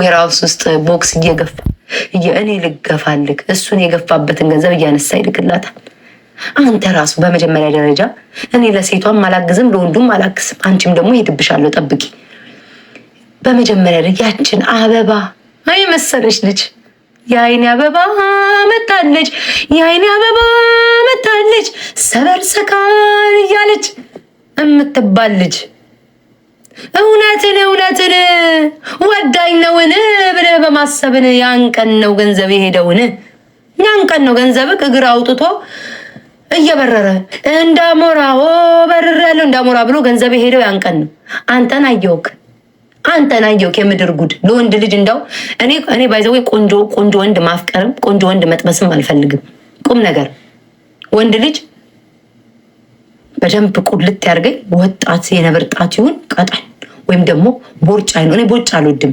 ዌራውስ ውስጥ ቦክስ እየገፋ እኔ ልገፋልክ እሱን የገፋበትን ገንዘብ እያነሳ ይልክላታል። አንተ ራሱ በመጀመሪያ ደረጃ እኔ ለሴቷም አላግዝም ለወንዱም አላግዝም፣ አንቺም ደግሞ ሄድብሻለሁ ጠብቂ። በመጀመሪያ ደረጃ ያችን አበባ አይ መሰለች ልጅ የአይኔ አበባ መታለች፣ የአይኔ አበባ መታለች፣ ሰበር ሰካር እያለች የምትባል ልጅ እውነትን እውነትን ወዳኝ ነውን ብለህ በማሰብን ያን ቀን ነው ገንዘብ የሄደውን። ያን ቀን ነው ገንዘብ እግር አውጥቶ እየበረረ እንዳሞራ ኦ በርር ያለው እንዳሞራ ብሎ ገንዘብ የሄደው ያን ቀን ነው። አንተን አየውክ አንተን አየውክ የምድር ጉድ ለወንድ ልጅ እንዳው እኔ እኔ ባይዘው ቆንጆ ቆንጆ ወንድ ማፍቀርም ቆንጆ ወንድ መጥበስም አልፈልግም። ቁም ነገር ወንድ ልጅ በደንብ ቁልጥ ያርገኝ ወጣት የነብር ጣት ይሁን ቀጠን ወይም ደግሞ ቦርጭ አይኑ። እኔ ቦርጭ አልወድም።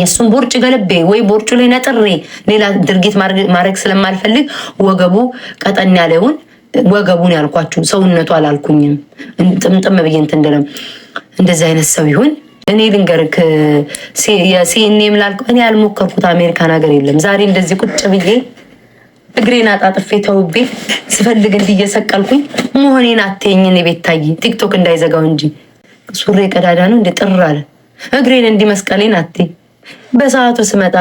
የእሱን ቦርጭ ገለቤ ወይ ቦርጩ ላይ ነጥሬ ሌላ ድርጊት ማድረግ ስለማልፈልግ ወገቡ ቀጠን ያለውን ወገቡን ያልኳችሁ ሰውነቱ አላልኩኝም። ጥምጥም ብዬ እንትን እንደዚህ አይነት ሰው ይሁን። እኔ ልንገርክ የሲኔ ምላልኩ እኔ ያልሞከርኩት አሜሪካን ሀገር የለም። ዛሬ እንደዚህ ቁጭ ብዬ እግሬን አጣጥፌ ተውቤ ስፈልግ እንዲህ እየሰቀልኩኝ መሆኔን አትይኝን ቤት ታይ ቲክቶክ እንዳይዘጋው እንጂ ሱሬ ቀዳዳ ነው እንደ ጥር አለ እግሬን እንዲህ መስቀሌን አትይ። በሰዓቱ ስመጣ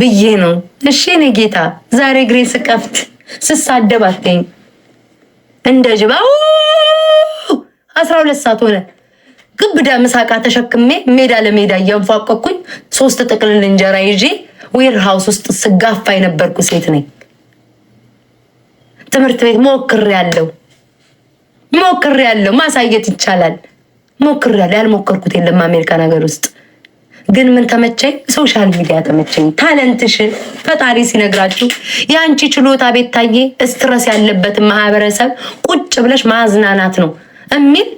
ብዬ ነው። እሺ እኔ ጌታ ዛሬ እግሬን ስቀፍት ስሳደብ አትይኝ እንደ ጅባ አስራ ሁለት ሰዓት ሆነ። ግብዳ ምሳቃ ተሸክሜ ሜዳ ለሜዳ እያንፏቀኩኝ ሶስት ጥቅልል እንጀራ ይዤ ዌር ሃውስ ውስጥ ስጋፋ የነበርኩ ሴት ነኝ። ትምህርት ቤት ሞክር ያለው ሞክር ያለው ማሳየት ይቻላል። ያለው ያልሞከርኩት የለም። አሜሪካን ሀገር ውስጥ ግን ምን ተመቸኝ? ሶሻል ሚዲያ ተመቸኝ። ታለንትሽን ፈጣሪ ሲነግራችሁ የአንቺ ችሎታ ቤታዬ፣ ስትረስ ያለበትን ማህበረሰብ ቁጭ ብለሽ ማዝናናት ነው የሚል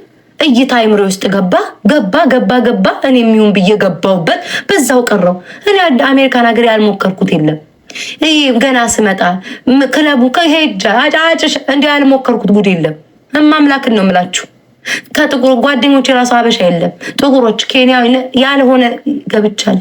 እይታ አይምሮ ውስጥ ገባ ገባ ገባ ገባ እኔ የሚሆን ብዬ ገባውበት በዛው ቀረው። እኔ አሜሪካን ሀገር ያልሞከርኩት የለም። ይህ ገና ስመጣ ክለቡ ከሄጃ አጫጭሽ እንዲ ያልሞከርኩት ጉድ የለም። እማምላክን ነው ምላችሁ። ከጥቁር ጓደኞች የራሱ አበሻ የለም። ጥቁሮች ኬንያዊ ያልሆነ ገብቻል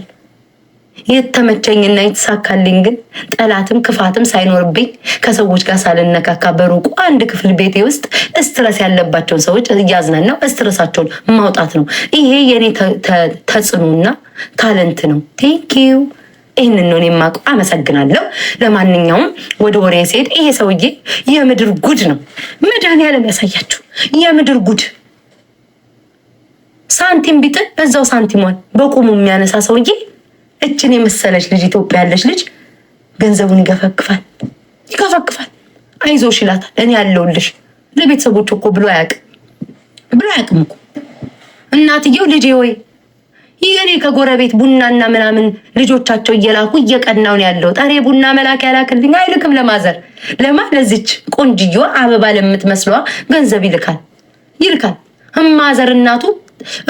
የተመቸኝና የተሳካልኝ ግን ጠላትም ክፋትም ሳይኖርብኝ ከሰዎች ጋር ሳልነካካ በሩቁ አንድ ክፍል ቤቴ ውስጥ እስትረስ ያለባቸውን ሰዎች እያዝናናው እስትረሳቸውን ማውጣት ነው። ይሄ የእኔ ተጽዕኖና ታለንት ነው። ቴንኪዩ። ይህንን ነው የማውቀው። አመሰግናለሁ። ለማንኛውም ወደ ወሬ ስሄድ ይሄ ሰውዬ የምድር ጉድ ነው። መድኃኒዓለም ያሳያችሁ የምድር ጉድ ሳንቲም ቢጥል በዛው ሳንቲሟን በቁሙ የሚያነሳ ሰውዬ እችን የመሰለች ልጅ ኢትዮጵያ ያለች ልጅ ገንዘቡን ይገፈግፋል ይገፈግፋል። አይዞሽ ይላታል። እኔ ያለውልሽ ለቤተሰቦች እኮ ብሎ አያውቅም ብሎ አያውቅም እኮ እናትየው ልጄ ወይ ይገኔ ከጎረቤት ቡናና ምናምን ልጆቻቸው እየላኩ እየቀናውን ያለው ጠሬ ቡና መላክ ያላክልኝ አይልክም። ለማዘር ለማ ለዚች ቆንጅዮ አበባ ለምትመስለዋ ገንዘብ ይልካል ይልካል። እማዘር እናቱ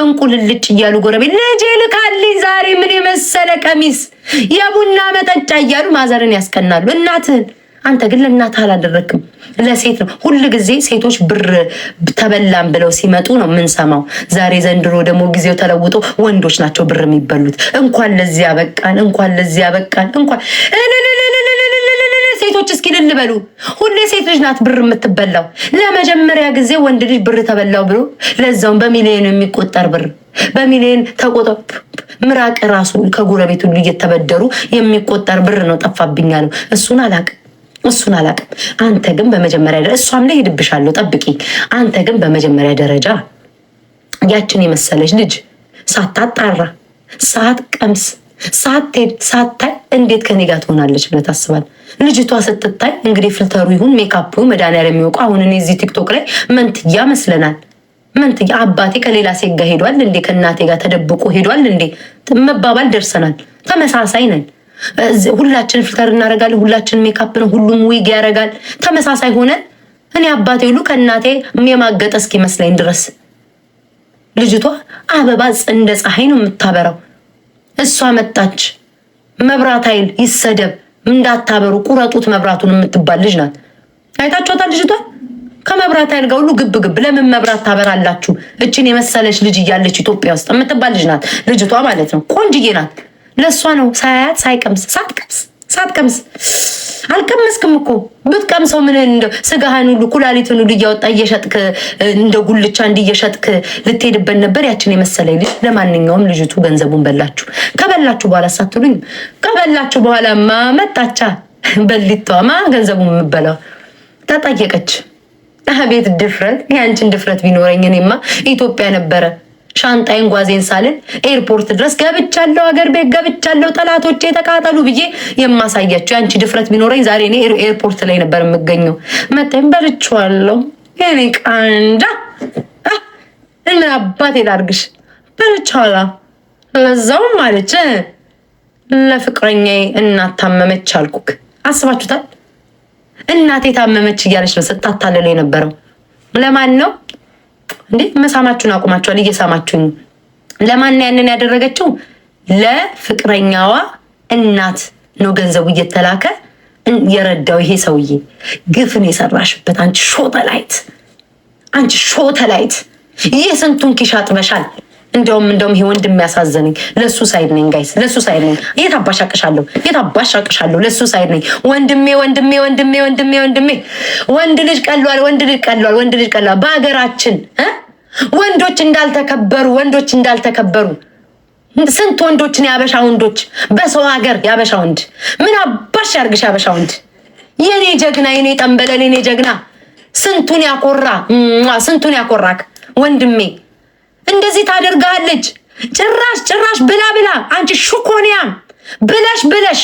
እንቁልልጭ እያሉ ጎረቤት ልጄ ልካልኝ ዛሬ ምን የመሰለ ቀሚስ የቡና መጠጫ እያሉ ማዘርን ያስቀናሉ። እናትህን አንተ ግን ለእናትህ አላደረክም፣ ለሴት ነው። ሁል ጊዜ ሴቶች ብር ተበላም ብለው ሲመጡ ነው የምንሰማው። ዛሬ ዘንድሮ ደግሞ ጊዜው ተለውጦ ወንዶች ናቸው ብር የሚበሉት። እንኳን ለዚያ በቃን፣ እንኳን ለዚያ በቃን፣ እንኳን ሴቶች እስኪ ልንበሉ፣ ሁሌ ሴት ልጅ ናት ብር የምትበላው። ለመጀመሪያ ጊዜ ወንድ ልጅ ብር ተበላው ብሎ ለዛውም በሚሊዮን የሚቆጠር ብር በሚሊዮን ተቆጠ ምራቅ ራሱ ከጎረቤቱ ሁሉ እየተበደሩ የሚቆጠር ብር ነው ጠፋብኛ ነው። እሱን አላቅም እሱን አላቅም። አንተ ግን በመጀመሪያ እሷም ላይ ሄድብሻለሁ ጠብቂ። አንተ ግን በመጀመሪያ ደረጃ ያችን የመሰለች ልጅ ሳታጣራ ሰዓት ቀምስ ሳትሄድ ሳታይ እንዴት ከኔ ጋር ትሆናለች ብለህ ታስባለህ? ልጅቷ ስትታይ እንግዲህ ፍልተሩ ይሁን ሜካፑ መድኃኒዓለም የሚወቁ አሁን እኔ እዚህ ቲክቶክ ላይ መንትያ መስለናል። መንትያ አባቴ ከሌላ ሴት ጋር ሄዷል እንዴ ከእናቴ ጋር ተደብቆ ሄዷል እንዴ መባባል ደርሰናል። ተመሳሳይ ነን። ሁላችን ፍልተር እናደርጋለን። ሁላችን ሜካፕ ነው። ሁሉም ዊግ ያደርጋል። ተመሳሳይ ሆነን እኔ አባቴ ሁሉ ከእናቴ የማገጠ እስኪመስለኝ ድረስ ልጅቷ አበባ እንደ ፀሐይ ነው የምታበራው። እሷ መጣች። መብራት ኃይል ይሰደብ እንዳታበሩ ቁረጡት መብራቱን የምትባል ልጅ ናት። አይታችኋታል ልጅቷ ከመብራት ኃይል ጋር ሁሉ ግብ ግብ። ለምን መብራት ታበራላችሁ? እችን የመሰለች ልጅ እያለች ኢትዮጵያ ውስጥ የምትባል ልጅ ናት ልጅቷ ማለት ነው። ቆንጅዬ ናት። ለእሷ ነው ሳያያት ሳይቀምስ ሳትቀምስ ሳትቀምስ አልቀመስክም እኮ ብትቀምሰው ምን እንደ ስጋህን ሁሉ ኩላሊትን ሁሉ እያወጣ እየሸጥክ እንደ ጉልቻ እንዲ እየሸጥክ ልትሄድበት ነበር። ያችን የመሰለ ልጅ። ለማንኛውም ልጅቱ ገንዘቡን በላችሁ። ከበላችሁ በኋላ ሳትሉኝ ከበላችሁ በኋላ መጣቻ በሊቷማ ገንዘቡን የምበላው ተጠየቀች። አቤት ድፍረት! የአንችን ድፍረት ቢኖረኝ እኔማ ኢትዮጵያ ነበረ ሻንጣይን ጓዜን ሳልን ኤርፖርት ድረስ ገብቻለሁ፣ አገር ቤት ገብቻለሁ፣ ጠላቶቼ የተቃጠሉ ብዬ የማሳያቸው የአንቺ ድፍረት ቢኖረኝ ዛሬ እኔ ኤርፖርት ላይ ነበር የምገኘው። መጣኝ በልቼዋለሁ። የኔ ቃንዳ እና አባቴ ላርግሽ በልቻላ ለዛውም አለች ለፍቅረኛ እናት ታመመች አልኩክ። አስባችሁታል? እናቴ ታመመች እያለች ነው ስታታልል የነበረው ለማን ነው? እንዴት መሳማችሁን አቁማችኋል፣ እየሳማችሁኝ። ለማን ያንን ያደረገችው? ለፍቅረኛዋ እናት ነው ገንዘቡ እየተላከ የረዳው ይሄ ሰውዬ። ግፍን የሰራሽበት አንቺ ሾተላይት፣ አንቺ ሾተላይት፣ ስንቱን ኪሻ ጥበሻል። እንደውም እንደውም ይሄ ወንድ የሚያሳዘነኝ ለሱ ሳይድ ነኝ፣ ጋይስ ለሱ ሳይድ ነኝ። የት አባሻቅሻለሁ? የት አባሻቅሻለሁ? ለሱ ሳይድ ነኝ። ወንድሜ ወንድሜ ወንድሜ ወንድሜ ወንድሜ ወንድ ልጅ ቀሏል፣ ወንድ ልጅ ቀሏል፣ ወንድ ልጅ ቀሏል። በሀገራችን ወንዶች እንዳልተከበሩ ወንዶች እንዳልተከበሩ ስንት ወንዶችን ያበሻ ወንዶች በሰው ሀገር ያበሻ ወንድ ምን አባሽ ያርግሽ ያበሻ ወንድ የኔ ጀግና የኔ ጠንበለል፣ የኔ ጀግና ስንቱን ያኮራ ስንቱን ያኮራክ ወንድሜ እንደዚህ ታደርጋለች። ጭራሽ ጭራሽ ብላ ብላ አንቺ ሹኮንያም ብለሽ ብለሽ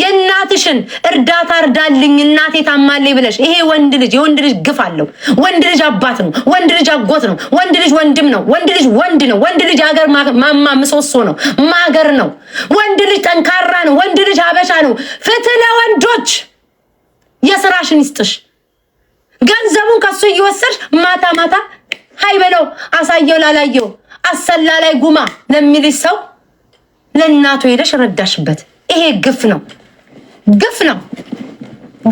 የእናትሽን እርዳታ እርዳልኝ እናቴ ታማለኝ ብለሽ። ይሄ ወንድ ልጅ የወንድ ልጅ ግፍ አለው። ወንድ ልጅ አባት ነው። ወንድ ልጅ አጎት ነው። ወንድ ልጅ ወንድም ነው። ወንድ ልጅ ወንድ ነው። ወንድ ልጅ ሀገር ማማ ምሰሶ ነው፣ ማገር ነው። ወንድ ልጅ ጠንካራ ነው። ወንድ ልጅ ሀበሻ ነው። ፍትህ ለወንዶች። የስራሽን ይስጥሽ። ገንዘቡን ከሱ እየወሰድሽ ማታ ማታ ሀይ በለው አሳየው ላላየው አሰላ ላይ ጉማ ለሚልሽ ሰው ለእናቱ ሄደሽ ረዳሽበት። ይሄ ግፍ ነው፣ ግፍ ነው፣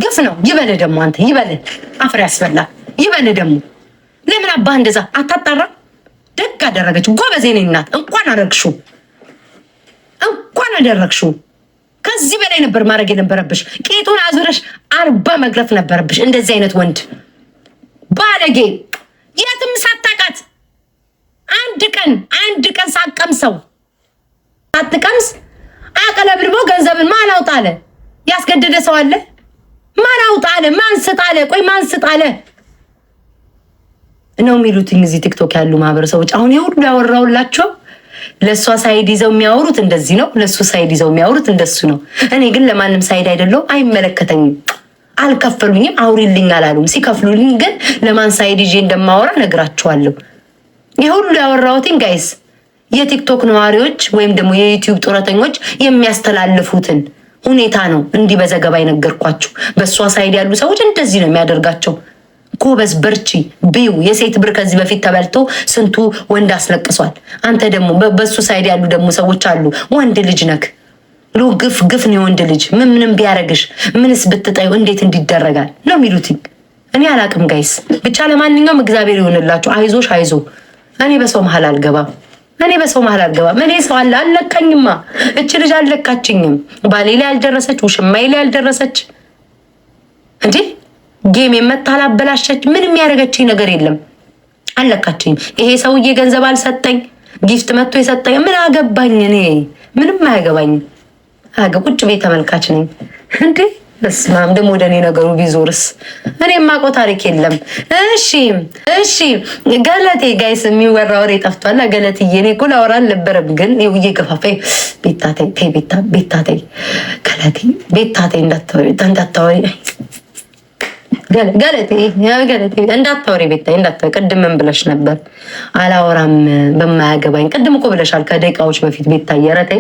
ግፍ ነው። ይበል ደግሞ አንተ ይበል፣ አፈር ያስበላ ይበል ደግሞ። ለምን አባህ እንደዛ አታጣራ? ደግ አደረገች ጎበዜ ነኝ እናት። እንኳን አደረግሽው፣ እንኳን አደረግሽው። ከዚህ በላይ ነበር ማድረግ የነበረብሽ። ቂጡን አዙረሽ አርባ መግረፍ ነበረብሽ። እንደዚህ አይነት ወንድ ባለጌ አንድ ቀን አንድ ቀን ሳቀምሰው አትቀምስ አቀለብልቦ ገንዘብን ማን አውጣ አለ? ያስገደደ ሰው አለ? ማን አውጣ አለ? ማን ስጥ አለ? ቆይ ማን ስጥ አለ ነው የሚሉትኝ እዚህ ቲክቶክ ያሉ ማህበረሰቦች። አሁን የሁሉ ያወራውላቸው ለእሷ ሳይድ ይዘው የሚያወሩት እንደዚህ ነው። ለእሱ ሳይድ ይዘው የሚያወሩት እንደሱ ነው። እኔ ግን ለማንም ሳይድ አይደለሁም፣ አይመለከተኝም፣ አልከፈሉኝም፣ አውሪልኝ አላሉም። ሲከፍሉልኝ ግን ለማን ሳይድ ይዤ እንደማወራ ነግራቸዋለሁ። ይሁሉ ያወራሁትን ጋይስ የቲክቶክ ነዋሪዎች ወይም ደግሞ የዩቲዩብ ጡረተኞች የሚያስተላልፉትን ሁኔታ ነው እንዲህ በዘገባ የነገርኳችሁ። በእሷ ሳይድ ያሉ ሰዎች እንደዚህ ነው የሚያደርጋቸው። ጎበዝ በርቺ ቢው የሴት ብር ከዚህ በፊት ተበልቶ ስንቱ ወንድ አስለቅሷል። አንተ ደግሞ በሱ ሳይድ ያሉ ደግሞ ሰዎች አሉ። ወንድ ልጅ ነክ ሎ ግፍ ግፍ ነው የወንድ ልጅ ምን ምንም ቢያረግሽ ምንስ ብትጠዩ እንዴት እንዲደረጋል ነው የሚሉትኝ። እኔ አላቅም ጋይስ። ብቻ ለማንኛውም እግዚአብሔር ይሆንላችሁ። አይዞሽ አይዞ እኔ በሰው መሀል አልገባም። እኔ በሰው መሀል አልገባም። እኔ ሰው አለ አልለካኝማ። እች ልጅ አልለካችኝም። ባሌ ላይ አልደረሰች፣ ውሽማዬ ላይ አልደረሰች። እንዴ ጌም የመታ አላበላሸች። ምንም ያደረገችኝ ነገር የለም። አልለካችኝም። ይሄ ሰውዬ ገንዘብ አልሰጠኝ፣ ጊፍት መጥቶ የሰጠኝ ምን አገባኝ? እኔ ምንም አያገባኝ። ቁጭ ቤት ተመልካች ነኝ እንዴ እስማም ደግሞ ወደ እኔ ነገሩ ቢዞርስ እኔ የማውቀው ታሪክ የለም። እሺ እሺ፣ ገለቴ ጋይስ የሚወራ ወሬ ጠፍቷል። ገለትዬ እኔ እኮ ላወራ አልነበረም፣ ግን የውዬ ገፋፋ ቤታተይ ቤታቴ ገለቴ ቤታተይ እንዳታወሪ ገለቴ ገለቴ እንዳታወሪ ቤታ እንዳታወሪ። ቅድም ምን ብለሽ ነበር? አላወራም በማያገባኝ። ቅድም እኮ ብለሻል ከደቂቃዎች በፊት ቤታ። የረቴ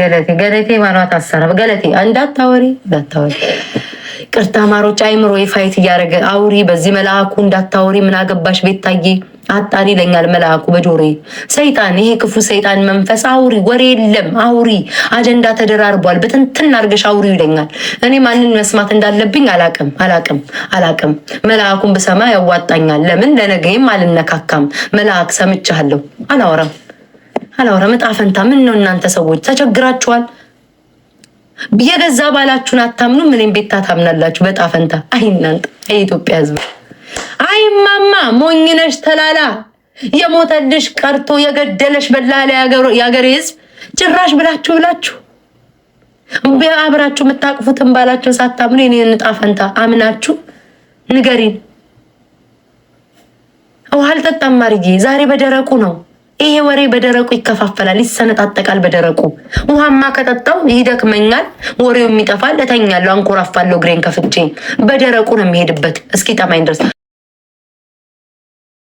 ገለቴ ገለቴ ማኗት አሰራ ገለቴ እንዳታወሪ እንዳታወሪ። ቅርታ ማሮች አይምሮ ፋይት እያደረገ አውሪ። በዚህ መልአኩ እንዳታወሪ። ምን አገባሽ ቤታዬ አጣሪ ይለኛል መልአኩ በጆሬ። ሰይጣን ይሄ ክፉ ሰይጣን መንፈስ አውሪ፣ ወሬ የለም አውሪ፣ አጀንዳ ተደራርቧል፣ በትንትን አርገሽ አውሪ ይለኛል። እኔ ማንን መስማት እንዳለብኝ አላቅም አላቅም አላቅም። መልአኩን ብሰማ ያዋጣኛል። ለምን ለነገይም አልነካካም። መልአክ ሰምቻለሁ፣ አላወራም አላወራም። ዕጣ ፈንታ ምን ነው እናንተ ሰዎች ተቸግራችኋል። የገዛ ባላችሁን አታምኑ። ምንም ቤታ ታምናላችሁ። በዕጣ ፈንታ አይናንጥ የኢትዮጵያ ሕዝብ አይማማ ሞኝነሽ ተላላ የሞተልሽ ቀርቶ የገደለሽ በላለ የአገሬ ህዝብ ጭራሽ ብላችሁ ብላችሁ አብራችሁ የምታቅፉትን ባላችሁን ሳታምኑ የኔን እንጣፈንታ አምናችሁ ንገሪን። ውሃ አልጠጣም ማርዬ፣ ዛሬ በደረቁ ነው። ይሄ ወሬ በደረቁ ይከፋፈላል፣ ይሰነጣጠቃል። በደረቁ ውሃማ ከጠጣው ይደክመኛል፣ ወሬው የሚጠፋል፣ እተኛለሁ፣ አንኮራፋለሁ፣ ግሬን ከፍቼ በደረቁ ነው የሚሄድበት እስኪ ጠማኝ ድረስ